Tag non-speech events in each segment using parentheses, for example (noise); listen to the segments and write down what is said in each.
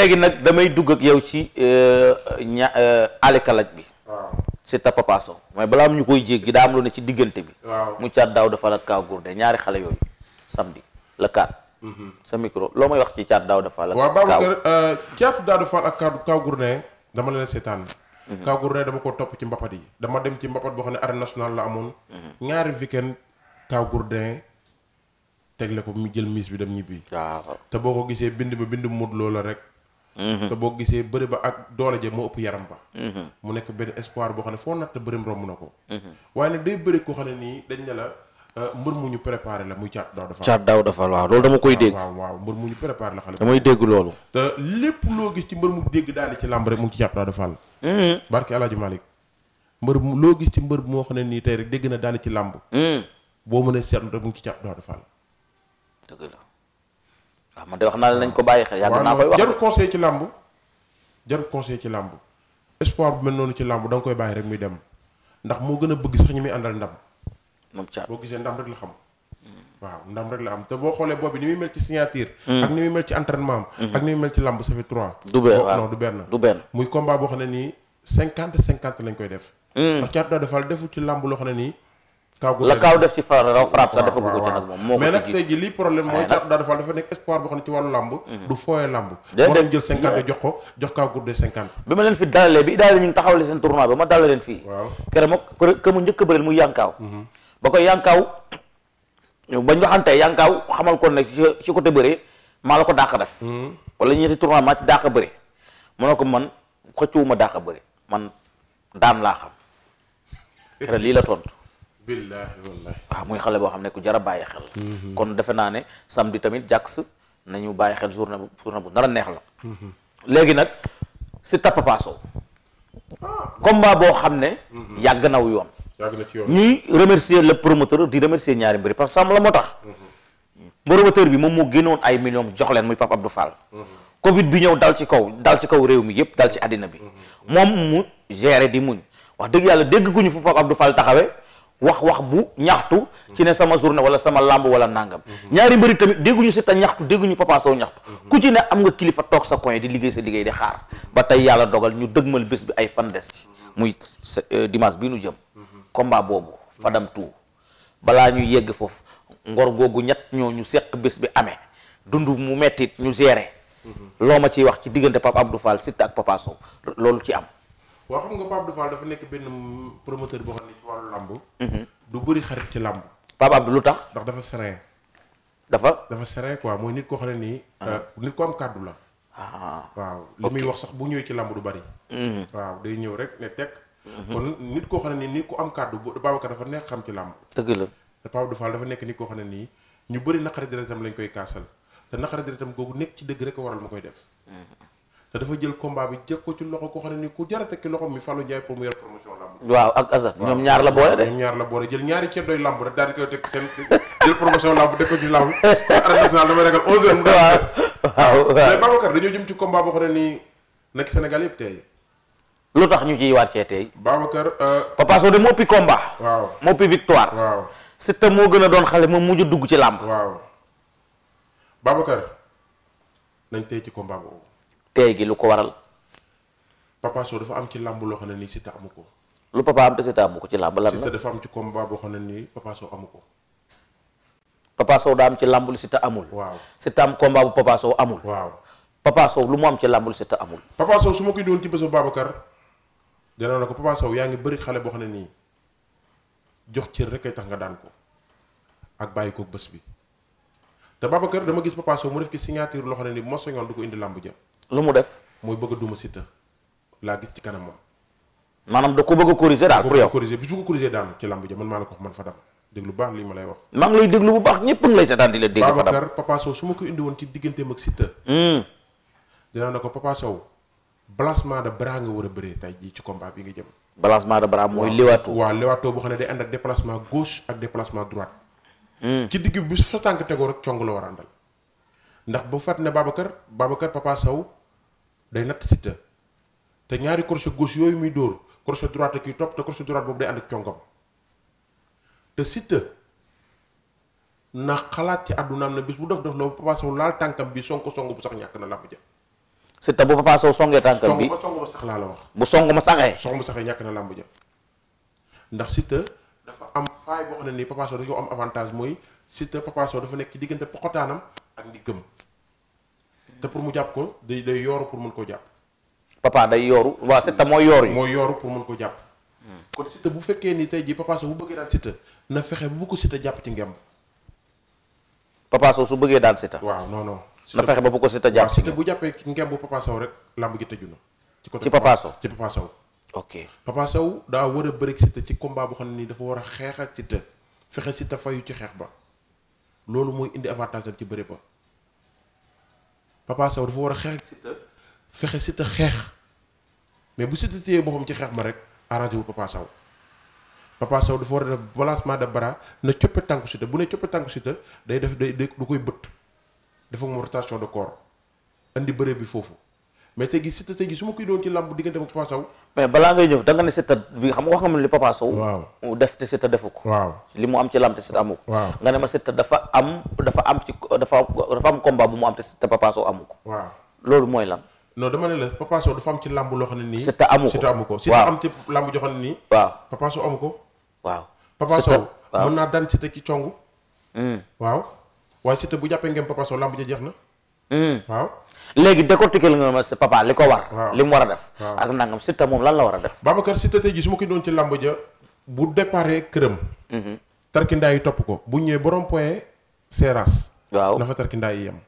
léegi nag damay dugg ak yow ci euh, ña euh, alikalaj bi. waaw ci Papa Sow mais balaa mu ñu koy jéggi daa am lu ne ci diggante bi. waaw mu caat daaw dafa la kaw gurde ñaari xale yooyu samedi la kaat. Mm-hmm. sa micro loo may wax ci caat daaw dafa la. waaw Babacar euh, caat daaw dafa ak kaw gurde dama leen seetaan. Mm-hmm. kaw gurde dama ko topp ci mbapat yi dama dem ci mbapat boo xam ne arène nationale la amoon. Mm-hmm. ñaari weekend kaw gurde tegle ko mu jël mise bi dem ñibbi. waaw te boo ko gisee bind ba bind mu mut loola rek. Mm-hmm. te boo gisee bëri ba ak doole ja moo ëpp yaram ba mm-hmm. mu nekk benn espoir boo xam ne foo natt bërim romb na ko mm-hmm. waaye nag day bëri koo xam ne nii dañ ne la euh, mbër mu ñu préparé la muy caat daaw dafa caat daaw dafa waaw loolu dama koy dégg waaw waaw mbër mu ñu préparé la xale dégg loolu te lépp loo gis ci mbër mu dégg daal ci làmb rek mu ngi ci caat daaw dafa la barke alaaji mbër mu loo gis ci mbër moo xam ne nii tey dégg na daal ci làmb boo mënee a rek mu ngi ci caat daaw dafa waaw man de wax naa nañ ko bàyyi xel yàgg naa koy wax jarul conseil ci làmb jarul ci làmb espoir bu mel noonu ci làmb da koy bàyyi rek muy dem ndax moo gën a bëgg sax ñu muy àndal ndam moom caat boo gisee ndam rek la xam waaw ndam rek la am te boo xoolee boobu ni muy mel ci signature mm. ak ni muy mel ci entraînement am mm-hmm. ak ni muy mel ci làmb ça fait trois du benn oh, non du benn muy combat boo xam ne nii cinquante cinquante lañ koy def mm. ndax caat daa defal defu ci làmb loo xam ne nii la kaaw def ci fara raw frappe sax dafa bëgg ci nag moom moo ko mais nag tey ji lii problème mooy daa daa dafa dafa nekk espoir mhm. jox ko jox kaaw gudde cinquante bi ma leen fi dalalee bi daal ñun taxawale seen tournoi ba ma dalal leen fii waaw kere ma mu njëkk bëreel muy yankaaw mhm. ba koy yankaaw bañ waxantee yankaaw xamal ko ne ci côté bëree maa la ko dàq def mhm. wala ñetti tournoi maa ci dàq bëre mu ne ko man xëccuwuma dàq bëre man daan laa xam kere lii la tontu billaahi wallaahi waaw muy xale boo xam ne ku jar a bàyyi xel mm-hmm. kon defe naa ne samedi tamit jàks nañu bàyyi xel journée bu journée bu nar a neex la mm-hmm. léegi nag Siteu Papa Sow ah. combat boo xam ne mm-hmm. yàgg naw yoon ñuy remercier le promoteur di remercier ñaari mbëri parce que sam la moo tax promoteur bi moom moo génnoon ay millions jox leen muy Pape Abdou Fall covid bi ñëw dal ci kaw dal ci kaw réew mi yépp dal ci àddina bi moom mu géré di muñ wax dëgg yàlla dégg guñu fu Pape wax wax bu ñaxtu ci ne sama journée wala sama làmb wala nàngam ñaari mbëri tamit dégguñu Siteu ñaxtu dégguñu Papa Sow ñaxtu ku ci ne am nga kilifa toog sa coin di liggéey sa liggéey di xaar ba tey yàlla dogal ñu dëgmal bés bi ay fan des ci muy euh, dimanche bi nu jëm combat boobu fadam tout balaa ñu yegg foofu ngor googu ñett ñoo ñu seq bés bi amee dund mu mettit ñu gérer loo ma ciy wax ci diggante Papa Abdou Fall Siteu ak Papa loolu ci am waaw xam nga Pape Abdou Fall dafa nekk benn promoteur boo xam ne ci wàllu làmb mhm. du bari xarit ci làmb Pape Abdou lu tax ndax dafa serein dafa dafa serein quoi mooy nit koo xam ne nii ah. euh, nit ko am la ah. waaw muy wax sax bu ñëwee ci làmb du bëri mhm. waaw day ñëw rek ne teg mhm. kon nit koo xam ne nii nit ku am kàddu Babacar dafa nekk xam ci làmb dëgg la te Pape Abdou Fall dafa nekk koo xam ne nii ñu bëri naqari deretam lañ koy kaasal te naqari deretam googu nekk ci dëgg rek waral ma koy def te dafa jël combat bi jëkk ko ci loxo ko xam ne ni ku jar a tekki loxo mi Fallou Ndiaye pour mu yor promotion lamb. waaw ak Azat ñoom ñaar la boole de. ñoom ñaar la boole jël ñaari ceeb doy lamb rek daal di koy teg seen jël promotion lamb def ko ci lamb arène nationale damay ragal 11h (laughs) mu waaw waaw mais Babacar dañoo jëm ci combat boo xam ne nii nag Sénégal yëpp tey. lu tax ñu ciy wàccee tey. Babacar. Euh, Papa Sow de moo ëppi combat. waaw moo ëppi victoire. waaw Siteu moo gën a doon xale moom mujj dugg ci làmb. waaw Babacar nañ tey ci combat boobu. tey gi lu ko waral. Papa Sow dafa am ci làmb loo xam ne nii Siteu amu ko. lu papa am te Siteu amu ko ci làmb lan la Siteu dafa am ci combat boo xam ne nii Papa Sow amu ko. Papa Sow daa am ci làmb lu Siteu amul. waaw Siteu am combat bu Papa amul. waaw Papa lu mu ci làmb lu amul. Papa su ma koy doon ci bés bu Babacar dana na ko Papa Sow yaa ngi bëri xale boo xam ne nii jox cër rek ay tax nga daan ko ak bàyyi ko bés bi te Babacar dama gis Papa mu def ci signature loo xam ne nii ma soñoon du ko indi làmb ja lu mu def. mooy bëgg a duma Siteu laa gis ci kanamam. maanaam da ko bëgg a ko corriger daanu ci lamb ja man maa la ko wax man Fadam déglu baax lii ma lay wax. maa ngi lay déglu bu baax ñëpp ngi lay seetaan di la dégg. ko indi woon ci digganteem hmm. de bras nga war a bëree tey jii ci combat bi nga jëm. balancement de bras mooy. lewato waaw lewato boo xam ne day ànd ak déplacement gauche ak déplacement droite. Hmm. ci bi su sa tànk tegoo rek cong la war a àndal. ndax bu fat ne Babacar Babacar Papa Sow day natt Siteu te ñaari crochet gauche yooyu muy dóor crochet droite ak kiy topp te crochet droite boobu day ànd ak te Siteu na xalaat ci àddunaam na bis bu def def na bu Papa Sow laal tànkam bi song ko bu sax ñàkk na làmb ja Siteu bu Papa Sow songee tànkam bi song ma sax laa la wax bu song ma saxee song ma saxee ñàkk na làmb ja ndax Siteu dafa am faay boo xam ne nii Papa Sow da ko am avantage mooy Siteu Papa dafa nekk ci diggante poxotaanam ak ndigam te pour mu jàpp ko day day yooru pour mën koo jàpp. papa day yooru waaw Siteu mooy yoor yi. mooy yooru pour mën jàpp. Hmm. kon Siteu bu fekkee ni tey jii Papa Sow bu bëggee daan na fexe bu ko Siteu jàpp ci ngemb. Papa Sow su bëggee daan Siteu. waaw non non. na fexe ba bu ko Siteu jàpp Siteu bu jàppee ngemb Papa Sow rek làmb gi tëju na. ci côté Papa Sow ci Papa Sow. ok Papa Sow daa war a bëri Siteu ci combat boo xam ne nii dafa war a xeex ak Siteu fexe Siteu fayu ci xeex ba loolu mooy indi avantage ci bëri ba Papa Sow dafa war a xeex ak Siteu fexe Siteu xeex mais bu Siteu téye boppam ci xeex ma rek arrangé wu Papa Sow Papa Sow dafa war a def balancement de bras ne coppe tànku Siteu bu ne coppe tànku Siteu day def day du koy bët def ak moom de corps andi bëre bi foofu. mais tey gi Siteu tey gi su ma koy doon ci làmb diggante ak Papa mais balaa ngay ñëw da ne Siteu bi xam nga wax nga ma li Papa Sow def te Siteu defu ko li mu am ci làmb te Siteu amu ko waaw nga ne ma Siteu dafa ko loolu mooy lan non dama ne la Papa Sow dafa am ci loo xam nii Siteu amu ko Siteu amu ko Siteu am ci làmb joo xam ne nii waaw Papa Sow amu ko naa daan Siteu ci congu hmm. waaw waaye Siteu bu jàppee ngeen Papa làmb ja jeex na Hmm. léegi décortiquer li nga ma papa li ko war li mu war a def ak nangam Siteu moom lan la war a def Babacar Siteu tey ji su ma ko doon ci làmb ja bu déparé këram hmm. tarkindaa yi topp ko bu ñëwee borom point seeras waaw na fa tarkindaa yi yem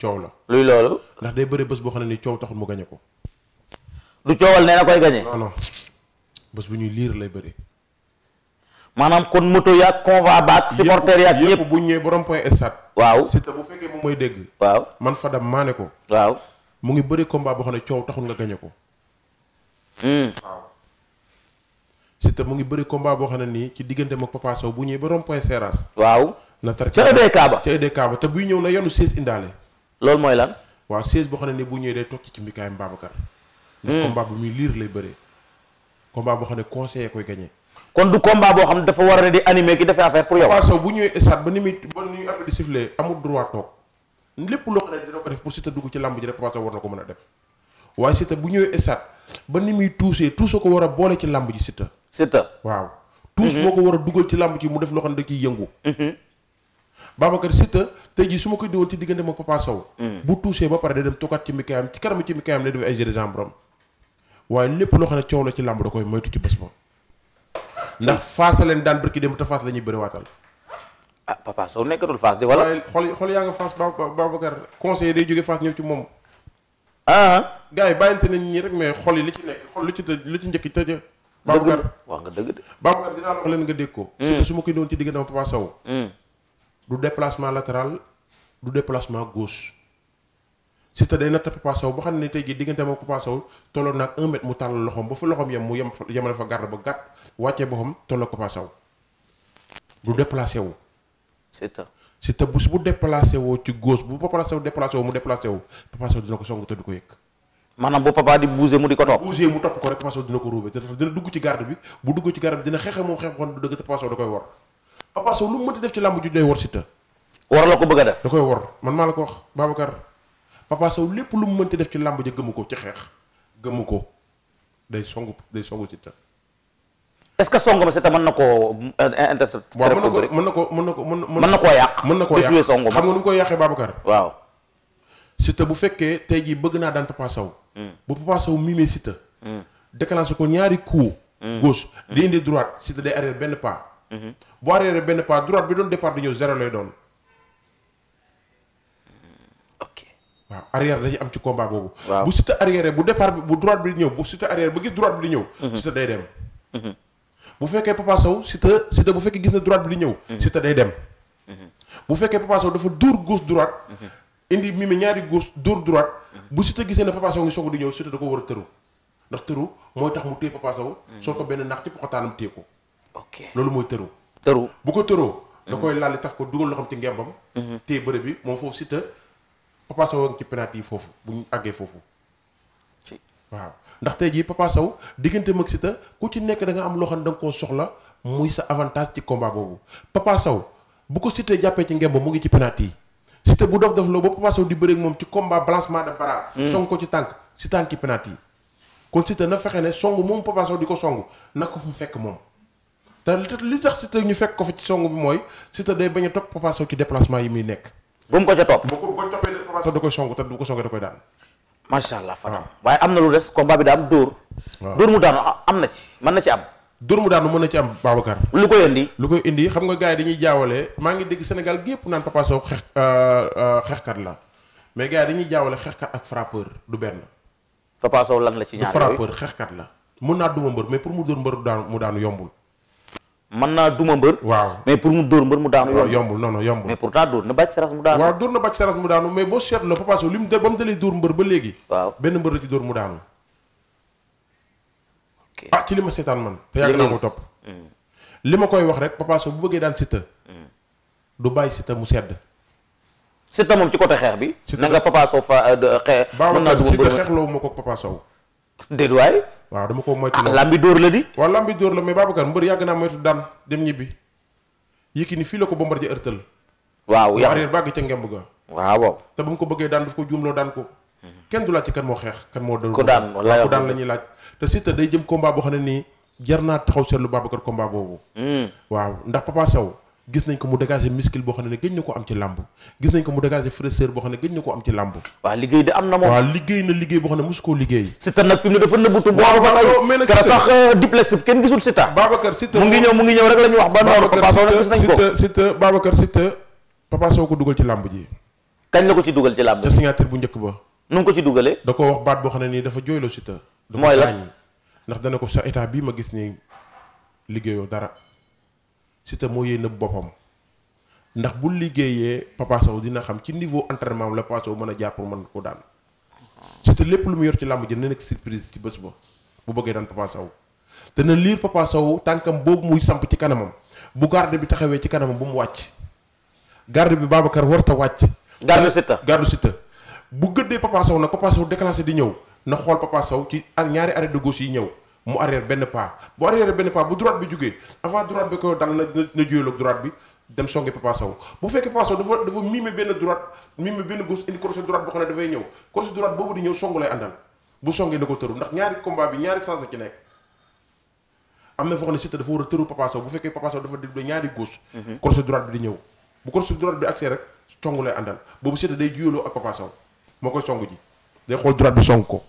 coow la luy loolu ndax day bëri bés boo xam ne ni coow taxul mu gañe ko du coowal nee na koy gañe non non bu ñuy liir lay bëri maanaam kon moto yaag convoi baak supporter yaag yëpp bu ñëwee borom point stade waaw Siteu bu fekkee moom mooy dégg waaw man Fadam maa ne ko waaw mu ngi bëri combat boo xam ne coow taxul nga gañe ko hmm. waaw mu ngi bëri combat boo ne nii ci diggante mag Papa bu ñëwee borom point Seras waaw na tar ca EDK ba ca EDK ba te buy ñëw na yenu seize indaale loolu mooy lan waaw seize boo xam ne nii bu ñëwee day toog ci mbikaayam Babacar hmm. ndax combat bu muy liir lay bëree combat boo xam ne conseiller koy gañee kon du combat boo xam dafa war a ne di animé ki dafay affaire pour yow. Papa bu ñëwee stade ba ni muy ba ni muy arbitre di siffler amul droit toog lépp loo xam ne dina ko def pour Siteu dugg ci làmb ji rek Papa ko a def waaye Siteu bu ñëwee stade ba ko war a boole ci làmb ji Siteu. Siteu waaw. tuus mhm. moo ko war a dugal ci làmb ji mu def loo xam ne da ciy yëngu. Mhm. Babacar Siteu tey jii su ma ko diwoon ci diggante moom Papa Sow. Mhm. bu tuusee ba pare day dem toogaat ci mikaayam ci kanam ci mikaayam day def ay jeux de waaye loo xam ne la ci làmb da koy moytu ndax faasa leen daan bërki dem te faas la ñuy bëri waatal ah papa nekkatul faas di wala. waaye xool xool yaa nga faas Babacar conseiller day jóge faas ñëw ci moom. ah. gars yi bàyyante nañ ñi rek mais xol yi li ci nekk xol lu ci tëj li ci njëkk tëj. dëgg Babacar wax nga dëgg de. Babacar dinaa la wax leen nga dégg ko. Hmm. surtout su ma koy doon ci diggante papa Sow. Hmm. du déplacement latéral du déplacement gauche. Siteu day natt Papa Sow boo xam ne tey jii diggante moom Papa Sow tolloon naag un mètre mu tàllal loxoom ba fa loxoom yem mu yem yemale fa garde ba gàtt wàccee boppam tolloo Papa Sow du déplacé wu. Siteu Siteu bu bu déplacé ci gauche bu Papa mu déplacé dina ko song te du ko yëg. maanaam bu papa di bouger ko topp bouger mu topp ko rek Papa Sow dina ko ruube te dina ci garde bi bu dugg ci garde bi dina xeex moom xeex xoon du dëgg te Papa da koy war la ko a def da Papa Sow lépp lu mu mënti def ci làmb ja gëmu ko ci xeex gëmu ko day songu day songu Siteu. est-ce que songam Siteu mën na koo euh, intercepter. waaw mën na ko mën na ko mën na ko mën na koo yàq. mën na koo yàq xam nga nu mu koy yàqee Babacar. waaw. Siteu bu fekkee tey jii bëgg naa daan Papa Sow. Hmm. bu Papa Sow mimee Siteu. Hmm. déclenché ko ñaari coup hmm. gauche di indi droite Siteu day arrière benn pas. bu arrière benn pas droite bi doon départ di ñu zéro lay doon. waaw arrière dañu am ci combat boobu. bu Siteu arrière bu départ bi bu droite bi di ñëw bu Siteu arrière ba gis droite bi ñëw. Siteu mhm. day dem. Mhm. bu fekkee Papa Sow Siteu bu fekkee gis ne droite bi di ñëw. Siteu mhm. day dem. bu fekkee Papa Sow dafa dóor gauche droite. indi mi ñaari gauche dóor droite. bu Siteu gisee ne Papa Sow ngi soog di ñëw Siteu da ko war a tëru ndax tëru mooy tax mu téye Papa Sow. sol ko benn nax ci poxotaanam téye ko. ok loolu mooy tëru. tëru bu ko tëroo. da koy laal li taf ko dugal loxoom ci ngembam. téye bërëb bi moom foofu Siteu Papa Sow ci penalty foofu bu ñu àggee foofu. waaw ndax tey jii Papa diggante mag si ku ci nekk da nga am loo xam ne da nga koo soxla muy sa avantage ci combat boobu Papa Sow bu ko Siteu jàppee ci ngemb mu ngi ci penalty yi Siteu bu dof dof loo ba Papa di bëreeg moom ci combat balancement de bras. Mm. song ko ci tànk si tànk ci penalty kon Siteu na fexe ne song moom Papa di ko song na ko fa fekk moom te li tax Siteu ñu fekk ko fa ci song bi mooy si day bañ a topp Papa Sow yi muy nekk. te du ko song te du ko song da koy daan. macha allah Fadam ah. waaye am na lu des combat bi daam dóor. waaw ah. dóor mu daanu am na ci mën na ci am. dóor mu daanu mën na ci am Babacar. lu koy indi. lu koy indi xam nga gars yi dañuy jaawale maa ngi dégg Sénégal gépp naan Papa Sow xeex euh, euh, xeexkat la mais gars yi dañuy jaawale xeexkat ak frappeur du benn. Papa lan la ci ñaar yooyu du la. mën naa duma mbër mais pour mu dóor mbër mu daanu yombul mën naa duma mbër. waaw mais pour mu dóor mbër mu daanu. yombul yombul non non yombul. mais pourtant dóor na bàcc saras mu daanu. waaw dóor na bàcc saras mu daanu mais boo seetloo Papa Sow li mu de ba mu dalee dóor mbër ba léegi. waaw benn mbër la dóor mu daanu. ah ci li ma seetaan man. te yàgg naa ko topp. Hmm. li ma koy wax rek Papa bu bëggee daan Siteu. Hmm. du bàyyi Siteu mu sedd. Siteu moom ci côté xeex bi. Siteu na nga Papa Sow fa euh, xeex. mën naa duma mbër Siteu xeexloo ma ko Papa Sow. déet waay. waaw dama ko moytu. ah lambi dóor la di. waaw lambi dóor la mais Babacar mbër yàgg naa moytu daan dem ñibbi Yékini fii la ko ba Bombardier ërtal. waaw yàqu arrière bàgg ca ngemb ga. waaw waaw. te ba mu ko bëggee daan daf ko juumloo daan ko. kenn du laaj ci moo xeex kan moo. ko daan wala ko daan la ñuy laaj. te Siteu day jëm combat boo xam ne nii jar naa taxaw seetlu Babacar combat boobu. Hmm. waaw ndax Papa Sow gis nañ ko mu dégager muscle boo xam ne gëj na ko am ci làmb gis nañ ko mu dégager fraîcheur boo xam ne gëj na ko am ci làmb waaw liggéey de am na moom waaw liggéey na liggéey boo xam ne liggéey Siteu nag fi mu ne dafa nëbbutu boobu ba tey kara sax euh, duplex bi kenn gisul ko Siteu ji kañ la ko ci dugal ci làmb ca signature bu njëkk ba ko ci dugalee da ko wax baat boo xam ne nii dafa jooyloo Siteu mooy la ndax dana ko sa état bii ma gis nii liggéeyoo dara Siteu moo yee nëbb boppam ndax bu liggéeyee Papa dina xam ci niveau entraînement la Papa Sow mën a jàpp mën ko daan Siteu lépp lu muy yor ci làmb ji na nekk surprise ci bés ba bu bëggee daan Papa Sow te na liir Papa tànkam boobu muy samp ci kanamam bu garde bi taxawee ci kanamam bu mu wàcc garde bi Babacar warta wàcc. garde Siteu garde Siteu bu gëddee Papa Sow nag Papa Sow di ñëw na xool Papa Sow ci ñaari arrêt de gauche yi ñëw. mu arrière benn pas bu arrière benn pas bu droite bi jugee avant droite bi ko dal na na juyal ak droite bi dem songe benn droite miime benn gauche indi crochet droite boo xam lay àndal bu songee na ko tëru ndax a tëru Papa Sow bu fekkee Papa Sow dafa déble mhm. boobu Siteu day juyaloo ak Papa moo koy song ji day xool droite bi song ko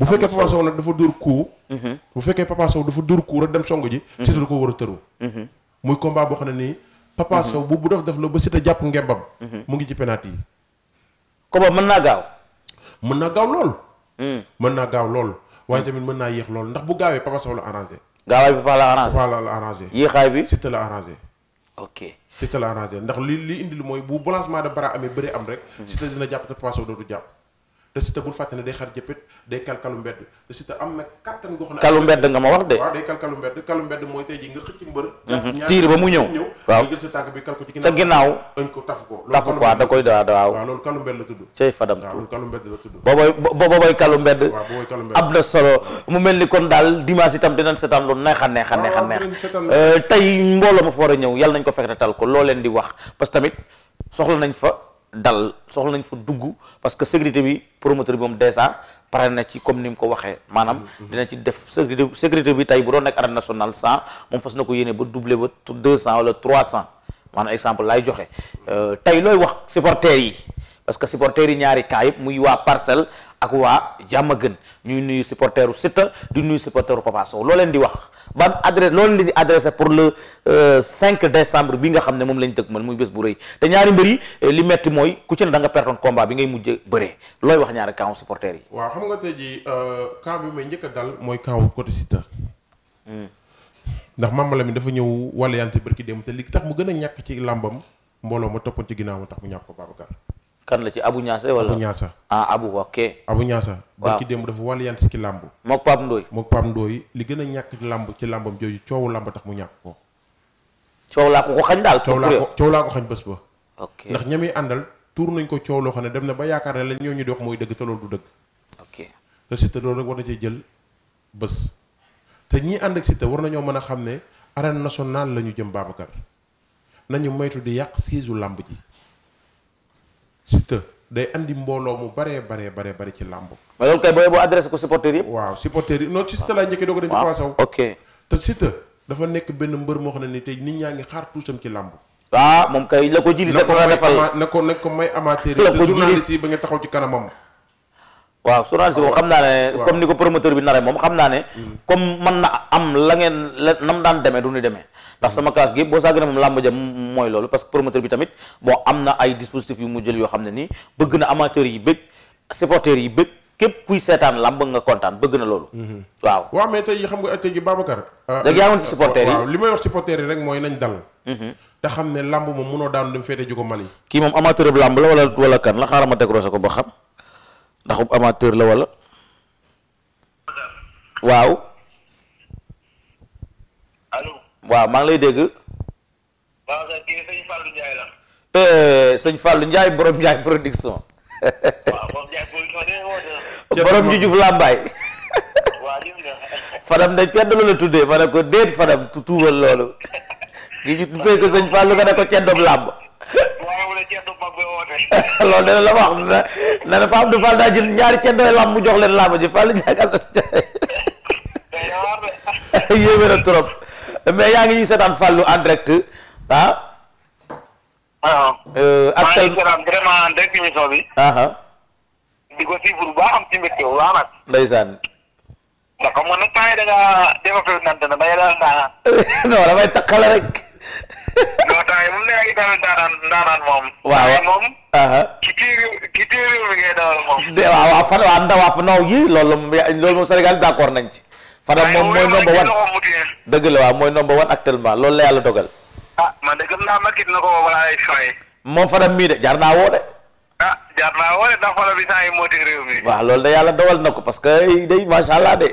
bu fekkee Papa Sow dafa dóor coup. Mhm. bu fekkee Papa Sow dafa dóor coup rek dem song ji. Mhm. Siteu da ko war a tëru. Mhm. muy combat boo xam ne nii. Papa Sow bu bu def def la ba Siteu jàpp ngembam. mu ngi ci penalty yi. combat mën naa gaaw. mën naa gaaw lool. naa gaaw lool waaye tamit mën naa yéex lool ndax bu gaawee Papa Sow la arrangé. gaawaay bi Papa la arrangé Papa bi Siteu la arrangé. ok Siteu la arrangé ndax li li indi lu mooy bu balancement de bras amee bëri am rek. Siteu jàpp te Papa Sow jàpp. de Siteu bul fàttali day xar jëppit day kalkalu mbedd kalu mbedd nga ma wax de mhm. tiir ba mu ñëw waaw jël sa tafu ko tafu koy daa waaw waaw loolu la boobooy boobooy kalu mbedd am na solo mu mel ni kon daal dimanche itam dinañ seetaan lu neex a neex a neex a euh, neex tey mbooloo ma fa war a ñëw yàlla nañ ko fekk tal ko loo leen di wax parce tamit soxla nañ fa dal soxla nañ fa dugg parce que sécurité bi promoteur bi moom dèjà pare na ci comme ni mu ko waxee maanaam mhm. dina ci def sécurité sécurité bi tey bu doon nekk arène nationale cent moom fas na ko yéene ba doublé ba deux cent wala trois cent maanaam exemple laay joxe euh, tey looy wax supporters yi parce que supporters yi ñaari cas yëpp muy waa parcelle ak waa jàmm gën ñuy nuyu supporteru Siteu di nuyu supporteru Papa Sow loo leen di wax ban adresse loolu leen di adressé pour le 5 euh, décembre bi nga xam ne moom lañ dëgmal muy bés bu rëy te ñaari mbër euh, li metti mooy ku ci ne da nga pertoon combat bi ngay mujj bëree looy wax ñaari camp supporters yi. waa xam nga tey jii euh, camp bi may njëkk dal mooy camp côté Siteu. Hmm. ndax Mame mi dafa ñëw wàllu yàlla ci barki démb te li tax mu gën a ñàkk ci làmbam mbooloo ma toppoon ci ginnaaw tax mu ko kan la ci Abu Niasse wala Abu Niasse ah Abu ok Abu waaw ci démb dafa wàll yan si ki làmb mook Pape ndooy mook Pape Ndoye li gën a ñàkk làmb ci làmbam jooju coowu làmb tax mu ñàkk ko coow laa ko ko xañ daal coow laa ko coow ko xañ bés ba ndax ñami àndal tuur nañ ko coow loo xam ne dem na ba yaakaar ne la ñoo ñu di wax mooy dëgg te loolu du dëgg ok te Siteu loolu rek war na cee jël bés te ñii ànd ak Siteu war nañoo mën a xam ne arène nationale la ñu jëm Babacar nañu moytu di yàq siisu làmb ji Siteu day indi mbooloo mu bare baree bare bari ci làmb. mais loolu kay booy boo adressé ko supporters yëpp. waaw supporters yi non ci Siteu laa njëkkee doo ko dem. waaw waaw ok te Siteu dafa nekk benn mbër moo xam ne ni tey nit ñaa ngi xaar tuusam ci làmb. ah moom kay ko jili sa ko nga na ko na ko may amateur yi te journaliste yi ba nga waaw journaliste boobu xam naa ne comme ni ko promoteur bi nare moom xam naa ne mm. comme man na am la ngeen la nam daan demee du ñu demee ndax sama classe gi yëpp boo sàggane moom làmb ja mooy loolu parce que promoteur bi tamit bon am na ay dispositifs yu mu yoo xam ne nii bëgg na amateurs yi bëgg yi bëgg képp kuy seetaan làmb nga kontaan bëgg na loolu mhm. waaw waaw mais tey xam nga tey ji Babacar euh, léegi yaa ngoon ci supporters yi nañ dal mhm. te xam ne làmb moom mënoo daanu dem féete ju ko Mali kii moom amateur bu làmb la wala wala kan ma décroché la wala waaw waaw maa ngi lay dégg. waaw kii sëñ Fallou njaay la. sëñ Fallou Ndiaye borom Ndiaye production. waaw borom de woote. borom ju làmbaay. waaw Fadam de ceddo la tuddee ma ne ko déet Fadam tu tuubal loolu. kii ñu tuddee ko sëñ Fallou nga ne ko ceddoom làmb. (laughs) loolu dana la wax na na na Pape Abdou Fall daa jël ñaari ceddoy làmb mu jox leen làmb ji Fallou Ndiaye ak Assane Ndiaye (laughs) (laughs) na trop. mais yaa ngi ñuy seetaan Fallou en direct ah. waaw. Euh, ak seen maa ngi vraiment en direct émission bi. Ah, ah. di loolu moom loolu moom Sénégal d'accord nañ ci. Fadam moom mooy number one dëgg la waaw mooy number one actuellement loolu la yàlla dogal. ah man de gëm naa Macky na ko woo moom Fadam mii de jaar naa woo de. ah woo de ndax réew mi. waaw loolu de yàlla dogal na ko parce que day macha allah de.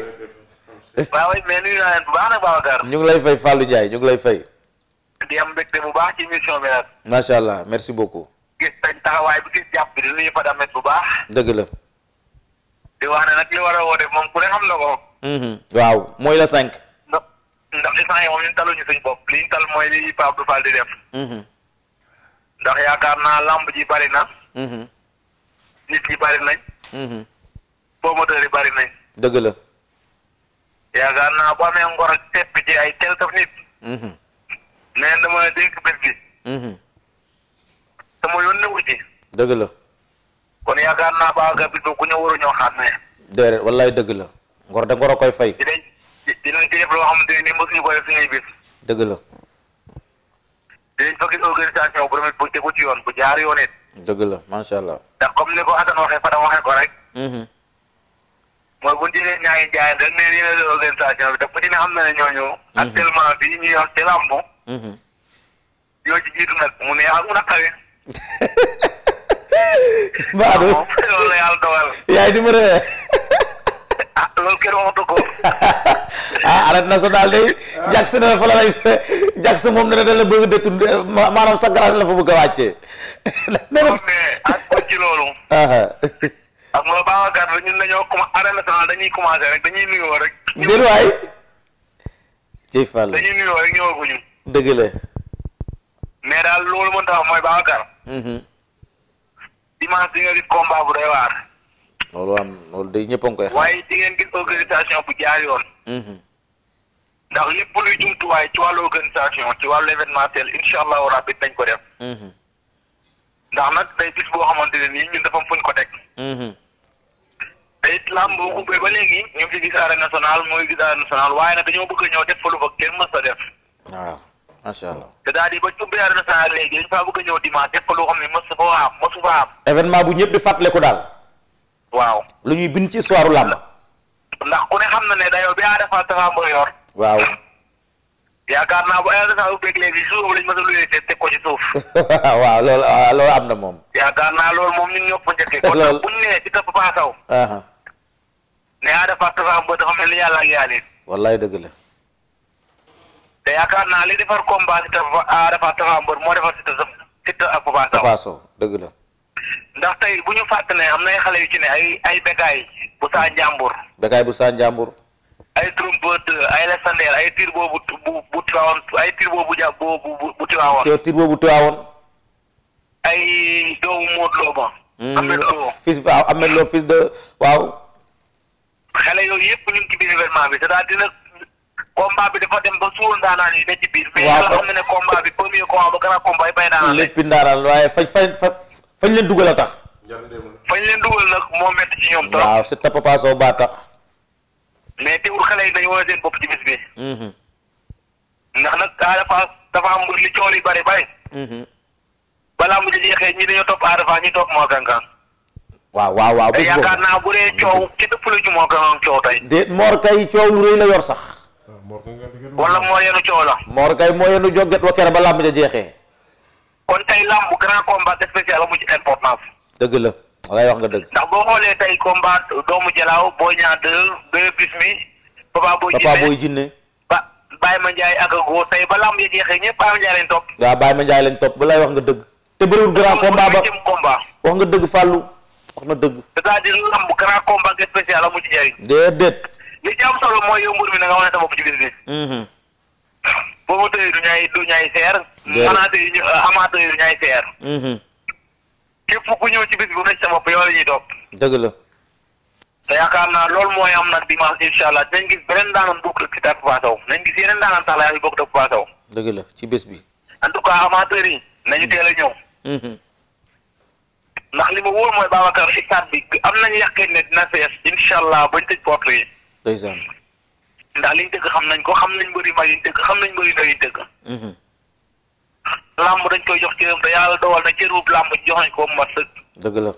ñu ngi lay fay Fallou Ndiaye ñu ngi lay fay. di am mbégte bu baax ci émission bi allah merci beaucoup. gis nañ taxawaay bi gis jàpp bi di nuyu Fadam bu baax. dëgg la. di wax ne nag li war a woote moom ku ne xam na ko. Mhm. waaw mooy la cinq. ndax ndax instant yi moom ñun taluñu suñu bopp li ñu tal mooy li Pape Abdou Fall di def. Mhm. ndax yaakaar naa lamb ji bari na. Mhm. nit yi bari nañ. promoteurs yi bari nañ. dëgg la. yaakaar naa bu amee ngor ak tepp ay quelques nit. neen dama dénk bés bi. sama yoon newu ci. dëgg la. kon yaakaar naa baaga bi du ku ñu waru ñoo xam ne. déedéet wallaay dëgg la. ngor da ngor a koy fay. dinañ dinañ ci def loo xamante ne mosuñu ko def suñuy bis. dëgg la. dinañ fa gis organisation bu rafet bu tegu ci yoon bu jaar yoon it. dëgg la macha allah. ndax ni ko Assane waxee Fadam waxee ko rek. Mm-hmm. mooy bu ñu ci leen ñaari jaay rek ne yéen a organisation bi te ku ci ne xam na ne ñooñu. Mm-hmm. actuellement bi ñuy wax ci làmb. Mm-hmm. yoo ci jiitu nag mu ne ah mu naqare. Mbadou (laughs) waaw (laughs) moom loolu la ah loolu kenn waxatu ko. (laughs) ah arrêt national day Jackson ne fa la lay (laughs) Jackson moom ne da la bëgg a détourné maanaam sa grade la fa bëgg a wàccee. non mais ak ko loolu. ak ma baax a ñun dañoo comme arrêt national dañuy commencé rek dañuy nuyoo rek. déet ci fàll daal loolu moo tax mooy baax a loolu am loolu day ñëpp a ngi koy xam. waaye di ngeen gis organisation bu jaar yoon. Mhm. ndax lépp luy jumtuwaay ci wàllu organisation ci wàllu événementiel incha allahu rabbi dañ ko def. Mhm. ndax nag day bis boo xamante ne ni ñun dafa am fuñ ko teg. Mhm. te it làmb boo xubbee ba léegi ñu ngi fi gis arène nationale mooy gis arène nationale waaye nag dañoo bëgg a ñëw def fa lu fa kenn mës a def. waaw macha allah. daal di ba ci ubbee arène nationale léegi dañ faa bëgg a ñëw dimanche def fa loo xam ne mës fa am mësu fa bu ñëpp di fàttaliku daal. waaw lu ñuy bind ci histoire làmb. ndax ku ne xam na ne dayoo bi Ada Fass Tapha Mbeur yor. waaw. yaakaar naa bu Ada Fass ubbeeg léegi suuf lañ mën a luyee teg ko ci suuf. (laughs) waaw loolu ah, loolu am na moom. yaakaar naa loolu moom ñun ñëpp njëkk. (laughs) loolu kon buñ nee ci Tapha Papa Sow. ne Ada Fass Tapha dafa mel ni yàlla ak yaaleen. wallaay dëgg la. te yaakaar naa li defar combat ci Tapha Ada moo defar ci Tapha Papa dëgg la. ndax tey bu ñu fàttali ne am nay xale yu ci ne ay ay Bécaye bu saa njàmbur. Bécaye bu saa njàmbur. ay trompeur ay Lastander ay tir boobu bu bu tiwaawoon ay tir boobu bu bu tiwaawoon. tir boobu tiwaawoon. ay doomu Modou Lo ba. Hmm. Ameth Lo waaw Ameth Lo fils de waaw. xale yooyu yëpp ñu ngi ci bi c'est-à-dire nag bi dafa dem ba suul ndaanaan yi ne ci bi premier combat ba a faj faj. fañ leen dugal a tax. fañ leen dugal nag moo métti ci ñoom. trop waaw c'est Papa Sow baa mais teewul xale yi dañu wane seen bopp ci bis bi. Mm-hmm. ndax nag Ada Fass dafa am li coow li bari bari. Mm-hmm. balaa mu jeexee ñi dañoo topp Ada Fass ñi topp Mor Kang Kang. waaw waaw waaw bés boobu yaakaar naa bu dee coow mm-hmm. ci dëpp la ci Mor Kang Kang coow tey. déet Mor kay coow lu rëy la yor sax. Ah, wala moo yenu coow la. Mor kay moo yenu jogget wa kere balaa mu jeexee. kon tey làmb grand combat spécial amu ci importance. dëgg la waaye wax nga dëgg. ndax boo xoolee tey combat doomu jalaaw boo ñaar deux deux bis mi. papa booy jinne papa booy Ma Ndiaye ak Agro tey ba làmb ya jeexee ñëpp Baye Ma Ndiaye lañ topp. waaw Baye Ma Ndiaye lañ topp lay wax nga dëgg. te bëriwul grand combat ba wax nga dëgg Fallou wax na dëgg. c'est-à-dire làmb grand combat spécial amu ci njëriñ. déedéet. li ci am solo mooy yow mi na nga wane sa bopp ci business. Mhm. promoteur yi du ñay du ñay seer. amateur yi ñu amateur yi du ñay seer. képp ku ñëw ci bis bu nekk sa bopp yow la ñuy te yaakaar naa loolu mooy am nag dimanche incha allah dinañ gis beneen daanam bokk ci tàkk Papa Sow nañ gis yeneen daanam sax la yàlla bokk tàkk Papa Sow. dëgg la ci bés bi. en tout cas amateurs yi nañu teel mm-hmm. ndax li ma wóor mooy Babacar si stade bi am nañu yàqin ne dina fees incha allah bañ tëj porte yi. ndax liñ dëgg xam nañ ko xam nañ mbëri mag yiñ dëgg xam nañ mbëri ndaw yiñ dëgg. Mhm. làmb dañ koy jox cëram te yàlla dogal na cër bu làmb jox nañ ko mat sëkk. dëgg la.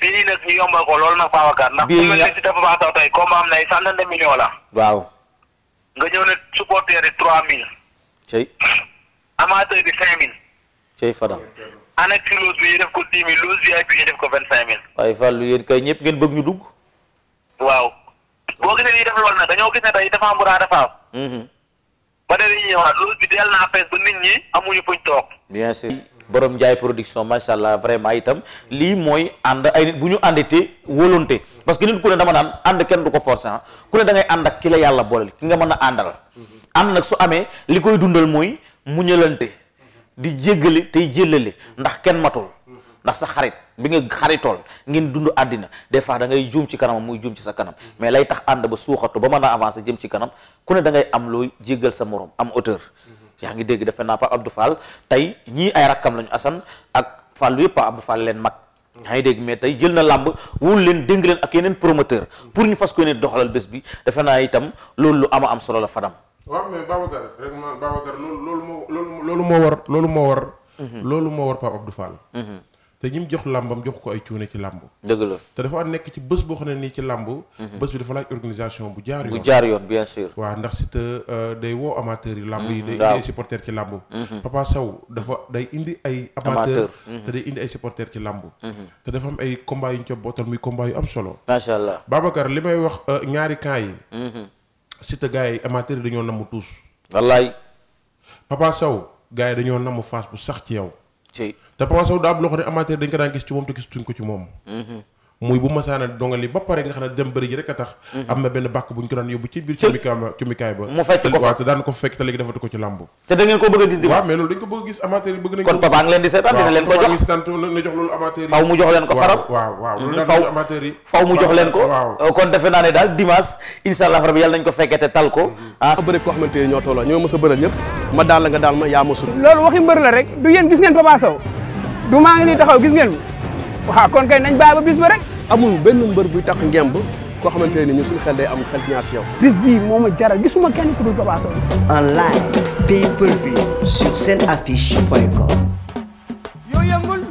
bii nag ñu ko loolu nag Babacar. ndax ku mel tey comme am na ay centaine de millions la. waaw. nga ñëw ne supporter yi trois mille. cey. amateur bi cinq mille. cey Fadam. anak ci loose bi ñu def ko dix mille loose bi ñu def ko vint cinq mille. waaye Fallou yéen kay ñëpp ngeen bëgg ñu dugg. waaw. boo gisee ñuy def loolu nag dañoo gis ne day dafa am bu raada faaw. Mhm. ba da dañuy ñëwaat loolu bi deel naa fees ba nit ñi amuñu fuñ toog. bien sûr borom Njaay production macha allah vraiment itam lii mooy ànd ay nit bu ñu àndite volonté parce que nit ku ne dama naan ànd kenn du ko forcer ah ku ne da ngay ànd ak ki la yàlla booleel ki nga mën a àndal. Mhm. ànd nag su amee li koy dundal mooy muñalante di jéggale tey jëllale ndax kenn matul. ndax sa xarit bi nga xaritool ngeen dund àddina des fois da juum ci kanamam muy juum ci sa kanam mais lay tax ànd ba suuxatu ba mën a avancer jëm ci kanam ku ne da ngay am looy jéggal sa morom am hauteur mhm. yaa ngi dégg defe naa Pape Abdou Fall tey ñii ay mhm. na làmb wóolu leen dénk leen ak yeneen promoteur mhm. ñu fas ko ne doxalal bés bi defe naa itam loolu la Fadam waaw mais Babacar rek ma moo loolu moo war loolu moo war loolu moo war Pape te ñi mu jox làmbam jox ko ay cuune ci làmb dëgg te dafa nekk ci bés boo xam ne nii ci làmb mhm. bés bi dafa laaj organisation bu jaar yoon bu jaar yoon bien sûr ndax si euh, day woo amateur yi làmb yi mhm. day indi ay supporteurs ci làmb mhm. Papa dafa day indi ay amateur te indi ay supporteurs ci làmb te dafa am ay combat yu ñu ca bootal muy combat yu am solo macha allah Babacar li may wax euh, ñaari camps yi si te yi amateur yi dañoo namm tuus wallaay Papa Sow yi dañoo namm face bu sax ci yow te Papa Sow daa am loo xam ne amateur gis ci moom te gisatuñ ko ci moom. Mm-hmm. muy bu masaana dongali ba pare nga xam dem bëri ji rek a tax mhm. am na benn bàkk bu ñu ko daan yóbbu ci biir cumikaay ba mu fekk ko fa te daan ko fekk te léegi defatu ko ci làmb te da ko jox faw mu jox leen ko kon defe naa ne daal dimanche insha allah rabbi yàlla nañ ko fekkee te tal ko mhm. ah bëri ko xamante ñoo tolloo ñoo mës a bëral ñëpp ma daal la nga daal ma yaa ma sut loolu waxi mbër la rek du yéen gis ngeen Papa du maa ngi nii taxaw waaw kon kay nañ bàyyi ba bis ba rek. amul benn mbër buy tax ngemb koo xamante ne ñun suñu xel day am xel ñaar si yow. bis bii moo ma jaral gisuma kenn ku dul Papa Sow. en live pay per view sur point com.